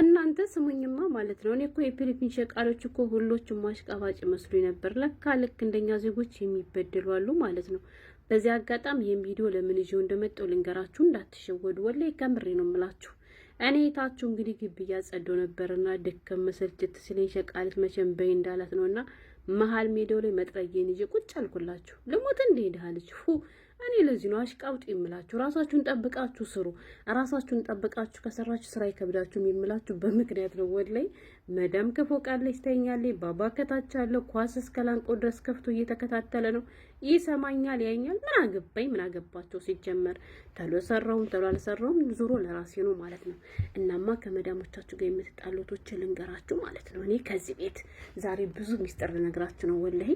እናንተ ስሙኝማ ማለት ነው። እኔ እኮ የፊሊፒን ሸቃሎች እኮ ሁሎቹም አሽቃባጭ መስሉ ነበር። ለካ ልክ እንደኛ ዜጎች የሚበደሉ አሉ ማለት ነው። በዚህ አጋጣሚ ይህም ቪዲዮ ለምን ይዤው እንደመጣሁ ልንገራችሁ፣ እንዳትሸወዱ። ወላሂ ከምሬ ነው የምላችሁ። እኔ የታችሁ እንግዲህ ግቢ እያጸደው ነበርና ድከም መሰልችት ስለኝ ሸቃለት መቼም በይ እንዳላት ነውና መሀል ሜዳው ላይ መጥረጌን ይዤ ቁጭ አልኩላችሁ። ልሞት እንደ አለች። ፉ እኔ ለዚህ ነው አሽቃውጥ የምላችሁ። ራሳችሁን ጠብቃችሁ ስሩ። ራሳችሁን ጠብቃችሁ ከሰራችሁ ስራ ይከብዳችሁም የምላችሁ በምክንያት ነው። ወላይ መዳም ከፎቃለች አለች ባባ ከታች አለ። ኳስ እስከ ላንቆ ድረስ ከፍቶ እየተከታተለ ነው። ይሰማኛል፣ ያኛል። ምን አገባኝ? ምን አገባቸው? ሲጀመር ተሎ ሰራውም ተሎ አልሰራውም ዙሮ ለራሴ ነው ማለት ነው። እናማ ከመዳሞቻችሁ ጋር የምትጣሉቶች ልንገራችሁ ማለት ነው። እኔ ከዚህ ቤት ዛሬ ብዙ ሚስጥር ልነግራችሁ ነው ወላይ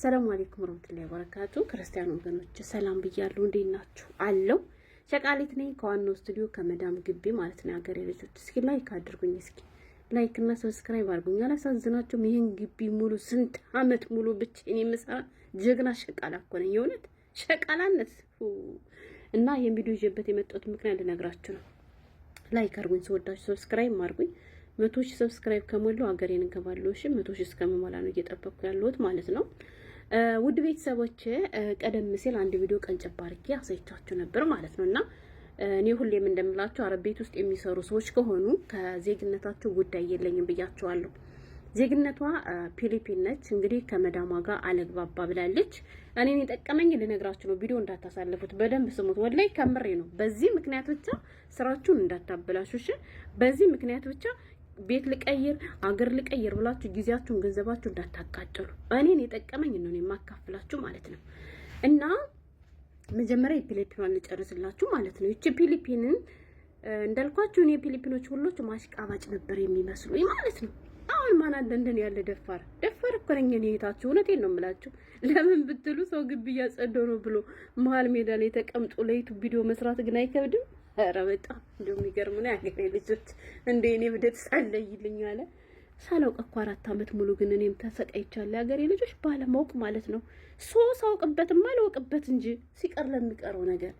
ሰላም አለይኩም ወራህመቱላሂ ወበረካቱ። ክርስቲያን ወገኖች ሰላም ብያለሁ። እንዴት ናችሁ? አለው ሸቃሊት ነኝ ከዋናው ስቱዲዮ ከመዳም ግቢ ማለት ነው። ሀገሬ ልጆች እስኪ ላይክ አድርጉኝ፣ እስኪ ላይክ እና ሰብስክራይብ አድርጉኝ። አላሳዝናችሁም? ይህን ግቢ ሙሉ ስንት አመት ሙሉ ብቻዬን የምሰራ ጀግና ሸቃላ እኮ ነኝ። የእውነት ሸቃላነት እና ይህን ቪዲዮ ይዤበት የመጣሁት ምክንያት ልነግራችሁ ነው። ላይክ አድርጉኝ፣ ስወዳችሁ ሰብስክራይብ አድርጉኝ። መቶ ሺህ ሰብስክራይብ ከሞላው ሀገሬን እንገባለሁ። እሺ መቶ ሺህ እስከምሞላ ነው እየጠበቅኩ ያለሁት ማለት ነው። ውድ ቤተሰቦች ቀደም ሲል አንድ ቪዲዮ ቀንጨብ አድርጌ አሳይቻችሁ ነበር ማለት ነው እና እኔ ሁሌም እንደምላችሁ አረብ ቤት ውስጥ የሚሰሩ ሰዎች ከሆኑ ከዜግነታቸው ጉዳይ የለኝም ብያቸዋለሁ። ዜግነቷ ፊሊፒን ነች። እንግዲህ ከመዳሟ ጋር አለግባባ ብላለች። እኔን የጠቀመኝ ልነግራችሁ ነው። ቪዲዮ እንዳታሳልፉት፣ በደንብ ስሙት። ወላይ ከምሬ ነው። በዚህ ምክንያት ብቻ ስራችሁን እንዳታበላሹሽ። በዚህ ምክንያት ብቻ ቤት ልቀይር፣ አገር ልቀይር ብላችሁ ጊዜያችሁን፣ ገንዘባችሁ እንዳታቃጥሉ። እኔን የጠቀመኝ ነው የማካፍላችሁ ማለት ነው እና መጀመሪያ የፊሊፒኗን ልጨርስላችሁ ማለት ነው። ይቺ ፊሊፒንን እንዳልኳችሁ እኔ የፊሊፒኖች ሁሎች ማሽቃባጭ ነበር የሚመስሉ ማለት ነው። አሁን ማን አለ እንደኔ ያለ ደፋር ደፋር እኮ ነኝ እኔ እህታችሁ፣ እውነቴን ነው የምላችሁ። ለምን ብትሉ ሰው ግቢ እያጸደው ነው ብሎ መሀል ሜዳ ላይ ተቀምጦ ለዩቱብ ቪዲዮ መስራት ግን አይከብድም? ኧረ በጣም እንደው የሚገርም ነው የአገሬ ልጆች። እንደ እኔ ብደት ሳለይልኝ አለ ሳላውቅ እኮ አራት አመት ሙሉ ግን እኔም ተሰቃይቻለሁ። የአገሬ ልጆች ባለማወቅ ማለት ነው። ሶ አውቅበትም አልወቅበት እንጂ ሲቀር ለሚቀረው ነገር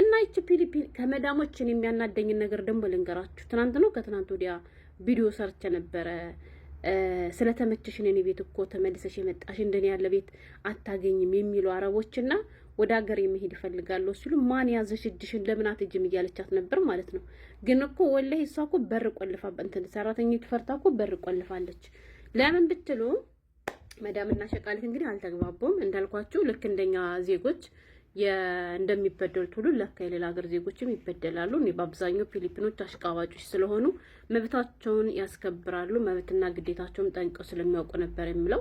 እና ይቺ ፊሊፒን ከመዳሞችን የሚያናደኝን ነገር ደግሞ ልንገራችሁ። ትናንት ነው ከትናንት ወዲያ ቪዲዮ ሰርቼ ነበረ ስለተመቸሽን እኔ ቤት እኮ ተመልሰሽ የመጣሽ እንደኔ ያለ ቤት አታገኝም የሚሉ አረቦችና ወደ ሀገር መሄድ ይፈልጋለሁ ሲሉ ማን ያዘሽ እጅሽን ለምን አትጅም እያለቻት ነበር ማለት ነው። ግን እኮ ወላሂ እሷ እኮ በር ቆልፋ እንትን ሰራተኞች ፈርታ እኮ በር ቆልፋለች። ለምን ብትሉ መዳምና ሸቃሊት እንግዲህ አልተግባቡም እንዳልኳችሁ ልክ እንደኛ ዜጎች እንደሚበደሉት ሁሉ ለካ የሌላ ሀገር ዜጎችም ይበደላሉ። እኔ በአብዛኛው ፊሊፒኖች አሽቃባጮች ስለሆኑ መብታቸውን ያስከብራሉ። መብትና ግዴታቸውን ጠንቀው ስለሚያውቁ ነበር የምለው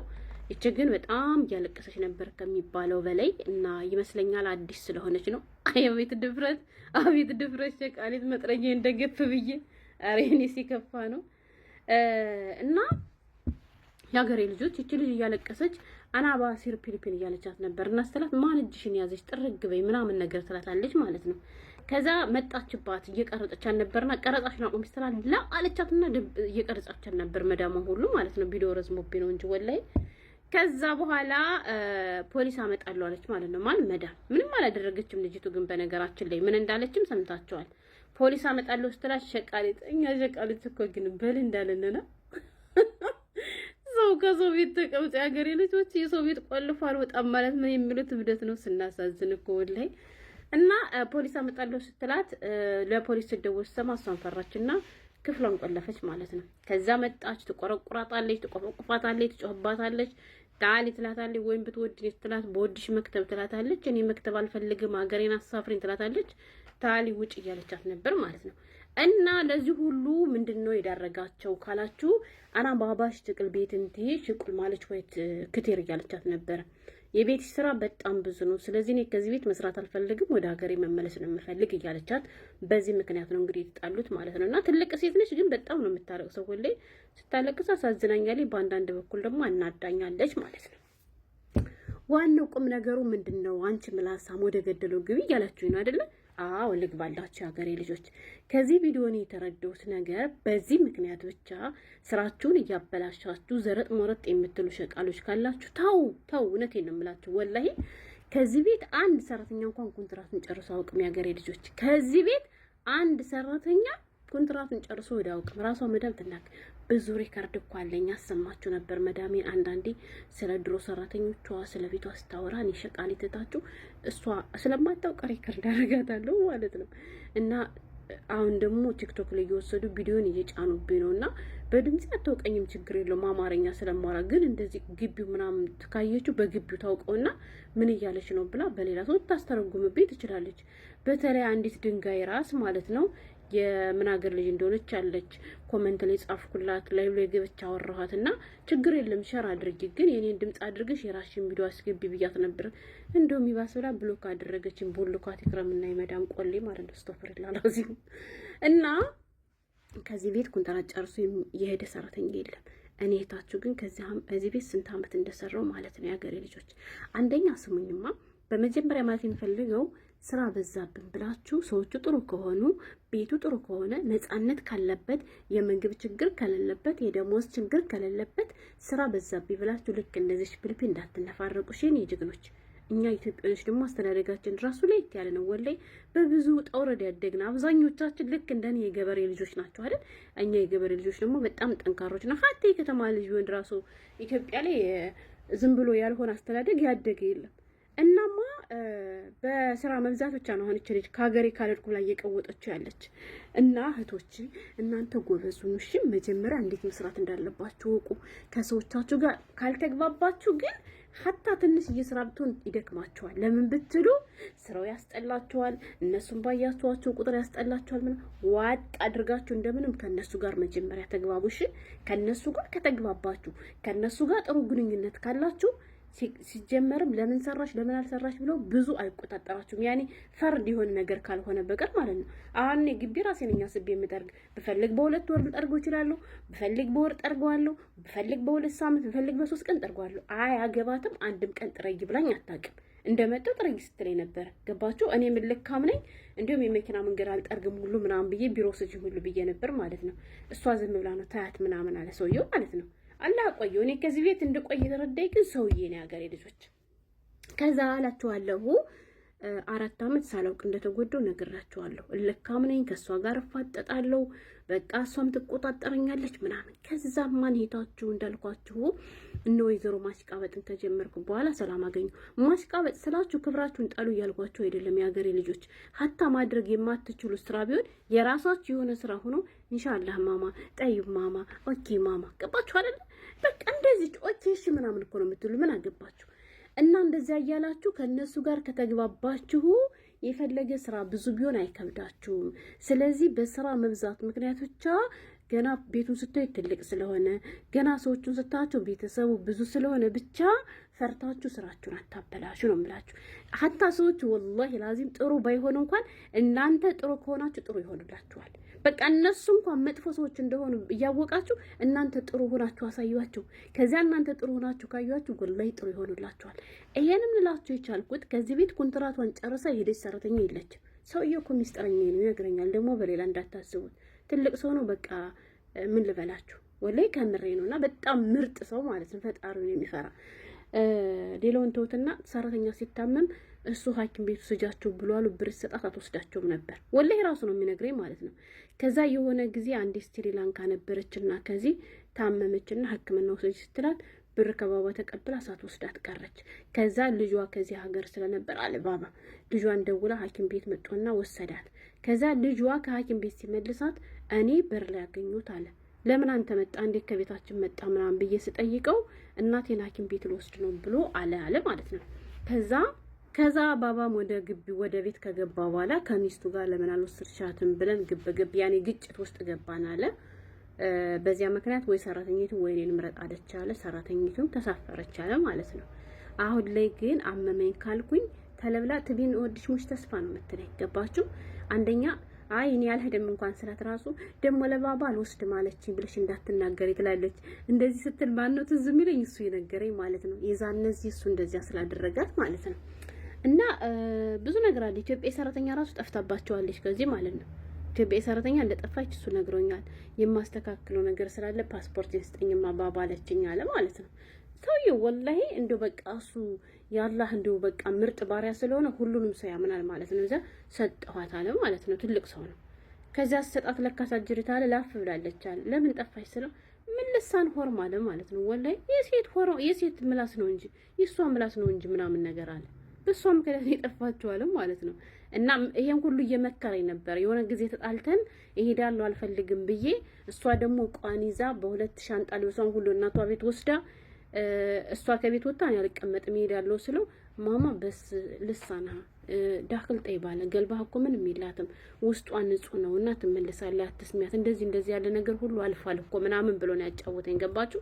ይች ግን በጣም እያለቀሰች ነበር ከሚባለው በላይ እና ይመስለኛል አዲስ ስለሆነች ነው። አቤት ድፍረት፣ አቤት ድፍረት! ሸቃሌት መጥረኛ እንደገፍ ብዬ አሬኔ ሲከፋ ነው እና የሀገሬ ልጆች ይቺ ልጅ እያለቀሰች አናባ ሲር ፒሊፒን እያለቻት ነበር እና ስትላት ማን እጅሽን ያዘች ጥርግ በይ ምናምን ነገር ትላታለች ማለት ነው። ከዛ መጣችባት እየቀረጸች ነበርና ቀረጻሽን አቁሚ ስትላት ላ አለቻትና እየቀረጻችን ነበር መዳማ ሁሉ ማለት ነው። ቪዲዮ ረዝሞብኝ ነው እንጂ ወላይ ከዛ በኋላ ፖሊስ አመጣለሁ አለች ማለት ነው። ማን መዳም ምንም አላደረገችም ልጅቱ። ግን በነገራችን ላይ ምን እንዳለችም ሰምታችኋል። ፖሊስ አመጣለሁ ስትላት ሸቃሌጥ፣ እኛ ሸቃሌጥ እኮ ግን በል እንዳለን ነው ሰው ከሰው ቤት ተቀምጦ የሀገሬ ልጆች የሰው ቤት ቆልፏል። በጣም ማለት ምን የሚሉት እብደት ነው። ስናሳዝን እኮ ወላሂ እና ፖሊስ አመጣለሁ ስትላት ለፖሊስ ስደውል ሰማ እሷን ፈራችና ክፍሏን ቆለፈች ማለት ነው። ከዛ መጣች፣ ትቆረቁራታለች፣ ትቆፈቁፋታለች፣ ትጮህባታለች። ታሊ ትላታለች። ወይም ብትወድኝ ትላት በወድሽ መክተብ ትላታለች። እኔ መክተብ አልፈልግም ሀገሬን አሳፍሬን ትላታለች። ታሊ ውጭ እያለቻት ነበር ማለት ነው። እና ለዚህ ሁሉ ምንድን ነው የዳረጋቸው ካላችሁ አና ባባሽ ትቅል ቤት ትሄ ሽቁል ማለች ወይት ክቴር እያለቻት ነበር። የቤት ስራ በጣም ብዙ ነው። ስለዚህ እኔ ከዚህ ቤት መስራት አልፈልግም፣ ወደ ሀገሬ መመለስ ነው የምፈልግ እያለቻት፣ በዚህ ምክንያት ነው እንግዲህ የተጣሉት ማለት ነው። እና ትልቅ ሴት ነች፣ ግን በጣም ነው የምታለቅሰው። ሁሌ ስታለቅስ አሳዝናኛለች፣ በአንዳንድ በኩል ደግሞ አናዳኛለች ማለት ነው። ዋናው ቁም ነገሩ ምንድን ነው? አንቺ ምላሳም ወደ ገደለው ግቢ እያላችሁኝ ነው አይደለም? አዎ ልግባላችሁ የሀገሬ ልጆች፣ ከዚህ ቪዲዮን የተረዳሁት ነገር በዚህ ምክንያት ብቻ ስራችሁን እያበላሻችሁ ዘረጥ ሞረጥ የምትሉ ሸቃሎች ካላችሁ ተው ተው። እውነቴን ነው የምላችሁ ወላሂ ከዚህ ቤት አንድ ሰራተኛ እንኳን ኮንትራቱን ጨርሶ አውቅም። የሀገሬ ልጆች ከዚህ ቤት አንድ ሰራተኛ ኮንትራቱን ጨርሶ ወደ አውቅም ራሷ መዳም ትላክ። ብዙ ሪከርድ እኮ አለኝ አሰማችሁ ነበር። መዳሜን አንዳንዴ ስለ ድሮ ሰራተኞቿ ስለ ቤቷ ስታወራ እኔ ሸቃሌ ትታችሁ እሷ ስለማታውቅ ሪከርድ አደርጋታለሁ ማለት ነው። እና አሁን ደግሞ ቲክቶክ ላይ እየወሰዱ ቪዲዮን እየጫኑብኝ ነው። እና በድምፅ አታውቀኝም፣ ችግር የለውም አማርኛ ስለማወራ። ግን እንደዚህ ግቢው ምናምን ካየችው በግቢው ታውቀውና ምን እያለች ነው ብላ በሌላ ሰው ታስተረጉምብኝ ትችላለች። በተለይ አንዲት ድንጋይ ራስ ማለት ነው የምን ሀገር ልጅ እንደሆነች አለች። ኮመንት ላይ ጻፍኩላት፣ ላይብ ላይ ገብቻ አወራኋት እና ችግር የለም ሸር አድርጊ፣ ግን የኔን ድምፅ አድርገሽ የራሽን ቪዲዮ አስገቢ ብያት ነበር። እንደውም ይባስ ብላ ብሎክ አደረገችን። ቦልኳት ይክረምና ይመዳም ቆሌ ማለት ነው ስቶፈር ላላዚሁ እና ከዚህ ቤት ኩንተራት ጨርሶ የሄደ ሰራተኛ የለም። እኔ እህታችሁ ግን ከዚህ ቤት ስንት ዓመት እንደሰራው ማለት ነው። የሀገሬ ልጆች አንደኛ ስሙኝማ፣ በመጀመሪያ ማለት የምፈልገው ስራ በዛብን ብላችሁ ሰዎቹ ጥሩ ከሆኑ ቤቱ ጥሩ ከሆነ ነፃነት ካለበት የምግብ ችግር ከሌለበት የደሞዝ ችግር ከሌለበት ስራ በዛብኝ ብላችሁ ልክ እንደዚህ ፊልፒ እንዳትነፋረቁ ሽን የጀግኖች እኛ ኢትዮጵያኖች ደግሞ አስተዳደጋችን ራሱ ለየት ያለ ነው። ወላይ በብዙ ውጣ ውረድ ያደግን አብዛኞቻችን ልክ እንደኔ የገበሬ ልጆች ናቸው አይደል? እኛ የገበሬ ልጆች ደግሞ በጣም ጠንካሮች ነው። ሀቴ የከተማ ልጅ ወንድ ራሱ ኢትዮጵያ ላይ ዝም ብሎ ያልሆነ አስተዳደግ ያደገ የለም። እና በስራ መብዛት ብቻ ነው አሁን ልጅ ከሀገሬ ካልሄድኩ ብላ እየቀወጠችው ያለች እና እህቶች እናንተ ጎበዙ። እሺ መጀመሪያ እንዴት መስራት እንዳለባችሁ እውቁ። ከሰዎቻችሁ ጋር ካልተግባባችሁ ግን ሀታ ትንሽ እየስራ ብትሆን ለምን ብትሉ ስራው ያስጠላቸዋል እነሱን ባያቸዋቸው ቁጥር ያስጠላቸዋል። ምን ዋጥ አድርጋችሁ እንደምንም ከእነሱ ጋር መጀመሪያ ተግባቡ። እሺ ከእነሱ ጋር ከተግባባችሁ፣ ከእነሱ ጋር ጥሩ ግንኙነት ካላችሁ ሲጀመርም ለምን ሰራሽ ለምን አልሰራሽ ብለው ብዙ አይቆጣጠራችሁም። ያኔ ፈርድ የሆነ ነገር ካልሆነ በቀር ማለት ነው። አሁን እኔ ግቢ ራሴን አስቤ የምጠርግ ብፈልግ በሁለት ወር ልጠርገው እችላለሁ፣ ብፈልግ በወር ጠርገዋለሁ፣ ብፈልግ በሁለት ሳምንት፣ ብፈልግ በሶስት ቀን ጠርገዋለሁ። አይ አገባትም አንድም ቀን ጥረጊ ብላኝ አታውቅም። እንደመጣው ጥረጊ ስትለኝ ነበረ። ገባችሁ? እኔ የምልካም ነኝ እንዲሁም የመኪና መንገድ አልጠርግም ሁሉ ምናምን ብዬ ቢሮ ስጅ ሁሉ ብዬ ነበር ማለት ነው። እሷ ዝም ብላ ነው ታያት ምናምን አለ ሰውየው ማለት ነው። አላህ ቆየው። እኔ ከዚህ ቤት እንድቆይ የተረዳኝ ግን ሰውዬ ነው ያገሬ ልጆች። ከዛ አላችኋለሁ አራት አመት ሳላውቅ እንደተጎዳው ነግራችኋለሁ። እልካም ነኝ፣ ከእሷ ጋር እፋጠጣለሁ። በቃ እሷም ትቆጣጠረኛለች ምናምን። ከዛም ማን ሄታችሁ እንዳልኳችሁ እነ ወይዘሮ ማሽቃበጥን ከጀመርኩ በኋላ ሰላም አገኙ። ማሽቃበጥ ስላችሁ ክብራችሁን ጠሉ እያልኳችሁ አይደለም። የሀገሬ ልጆች ሀታ ማድረግ የማትችሉ ስራ ቢሆን የራሳችሁ የሆነ ስራ ሆኖ እንሻላህ ማማ ጠይብ ማማ ኦኬ ማማ ገባችሁ አለ በቃ እንደዚህ ኦኬ እሺ ምናምን እኮ ነው የምትሉ። ምን አገባችሁ እና እንደዚያ እያላችሁ ከእነሱ ጋር ከተግባባችሁ የፈለገ ስራ ብዙ ቢሆን አይከብዳችሁም። ስለዚህ በስራ መብዛት ምክንያት ብቻ ገና ቤቱን ስታዩ ትልቅ ስለሆነ ገና ሰዎቹን ስታቸው ቤተሰቡ ብዙ ስለሆነ ብቻ ፈርታችሁ ስራችሁን አታበላሹ ነው የምላችሁ። ሀታ ሰዎች ወላሂ ላዚም ጥሩ ባይሆኑ እንኳን እናንተ ጥሩ ከሆናችሁ ጥሩ ይሆንላችኋል። በቃ እነሱ እንኳን መጥፎ ሰዎች እንደሆኑ እያወቃችሁ እናንተ ጥሩ ሆናችሁ አሳዩዋቸው። ከዚያ እናንተ ጥሩ ሆናችሁ ካዩዋችሁ ወላሂ ጥሩ ይሆኑላችኋል። ይሄንም ልላችሁ የቻልኩት ከዚህ ቤት ኮንትራቷን ጨርሳ የሄደች ሰራተኛ የለች። ሰውዬው እኮ ሚስጥረኛ ነው፣ ይነግረኛል። ደግሞ በሌላ እንዳታስቡት ትልቅ ሰው ነው። በቃ ምን ልበላችሁ ወላሂ ከምሬ ነው። እና በጣም ምርጥ ሰው ማለት ነው፣ ፈጣሪውን የሚፈራ ሌላውን ተውትና ሰራተኛ ሲታመም እሱ ሐኪም ቤቱ ስጃቸው ብሏሉ። ብር ሰጣት አትወስዳቸውም ነበር። ወላሂ ራሱ ነው የሚነግረኝ ማለት ነው። ከዛ የሆነ ጊዜ አንዴ ስሪላንካ ነበረችና ከዚህ ታመመችና ሕክምና ውሰጅ ስትላት ብር ከባባ ተቀብላ ሳትወስዳት ቀረች። ከዛ ልጇ ከዚህ ሀገር ስለነበር አልባባ ባባ ልጇን ደውላ ሐኪም ቤት መጦና ወሰዳት። ከዛ ልጇ ከሐኪም ቤት ሲመልሳት እኔ ብር ላይ ያገኙት አለ ለምን አንተ መጣ እንዴት ከቤታችን መጣ ምናምን ብዬ ስጠይቀው እናቴን ሐኪም ቤት ልወስድ ነው ብሎ አለ አለ ማለት ነው ከዛ ከዛ አባባም ወደ ግቢ ወደ ቤት ከገባ በኋላ ከሚስቱ ጋር ለምን አልወሰድሻትም ብለን ግብ ግብ ያኔ ግጭት ውስጥ ገባን አለ። በዚያ ምክንያት ወይ ሰራተኝቱ ወይ እኔን ምረጥ አለች አለ። ሰራተኝቱም ተሳፈረች አለ ማለት ነው። አሁን ላይ ግን አመመኝ ካልኩኝ ተለብላ ትቢን ወድሽ ሙሽ ተስፋ ነው የምትለኝ። ገባችሁ? አንደኛ አይ እኔ ያልሄድም እንኳን ስላት ራሱ ደግሞ ለባባ አልወስድም አለችኝ ብለሽ እንዳትናገር ትላለች። እንደዚህ ስትል ማነው ትዝ የሚለኝ እሱ የነገረኝ ማለት ነው። የዛ እነዚህ እሱ እንደዚያ ስላደረጋት ማለት ነው። እና ብዙ ነገር አለ። ኢትዮጵያ ሰራተኛ ራሱ ጠፍታባቸዋለች ከዚህ ማለት ነው። ኢትዮጵያ ሰራተኛ እንደጠፋች እሱ ነግሮኛል። የማስተካክለው ነገር ስላለ ፓስፖርት ስጠኝማ ባባለችኝ አለ ማለት ነው። ሰውየው ወላሄ እንደው በቃ እሱ ያላህ እንደው በቃ ምርጥ ባሪያ ስለሆነ ሁሉንም ሰው ያምናል ማለት ነው። እዛ ሰጠኋት አለ ማለት ነው። ትልቅ ሰው ነው። ከዚያ ሰጣት ለካ ሳጅሪት አለ ላፍ ብላለች አለ። ለምን ጠፋች ስለው ምን ልሳን ሆርም አለ ማለት ነው። ወላሂ የሴት ሆርም የሴት ምላስ ነው እንጂ የእሷ ምላስ ነው እንጂ ምናምን ነገር አለ በሷ ምክንያት የጠፋችኋልም ማለት ነው። እና ይሄን ሁሉ እየመከረኝ ነበር። የሆነ ጊዜ ተጣልተን እሄዳለሁ አልፈልግም ብዬ እሷ ደግሞ እቋን ይዛ በሁለት ሻንጣ ልብሷን ሁሉ እናቷ ቤት ወስዳ እሷ ከቤት ወጣ እኔ አልቀመጥም እሄዳለሁ ስለው ማማ በስ ልሳና ዳክል ጠይባ ነው ገልባህ እኮ ምን የሚላትም ውስጧ ንጹህ ነው እና ትመልሳለህ፣ አትስሚያት፣ እንደዚህ እንደዚህ ያለ ነገር ሁሉ አልፏል እኮ ምናምን ብሎ ነው ያጫወተኝ። ገባችሁ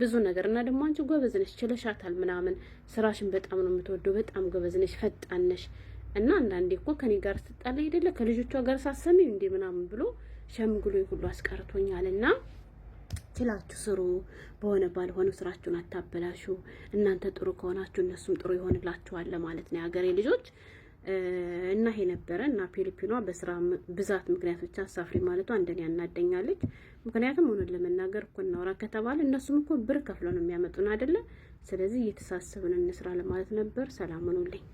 ብዙ ነገር እና ደግሞ አንቺ ጎበዝ ነሽ፣ ችለሻታል፣ ምናምን ስራሽን በጣም ነው የምትወደው፣ በጣም ጎበዝ ነሽ፣ ፈጣን ነሽ እና አንዳንዴ እኮ ከኔ ጋር ስጣላ አይደለ ከልጆቿ ጋር ሳሰሚ እንዲ ምናምን ብሎ ሸምግሎ ሁሉ አስቀርቶኛል እና ችላችሁ ስሩ። በሆነ ባልሆነው ስራችሁን አታበላሹ። እናንተ ጥሩ ከሆናችሁ እነሱም ጥሩ ይሆንላችኋል ማለት ነው የሀገሬ ልጆች። እና ይሄ ነበረ እና ፊሊፒኗ በስራ ብዛት ምክንያት ብቻ አሳፍሪ ማለቷ እንደኔ ያናደኛለች። ምክንያቱም ሆኖ ለመናገር እኮ እናውራ ከተባለ እነሱም እኮ ብር ከፍለው ነው የሚያመጡን አይደለ? ስለዚህ እየተሳሰብን እንስራ ለማለት ነበር። ሰላም ሁኑልኝ።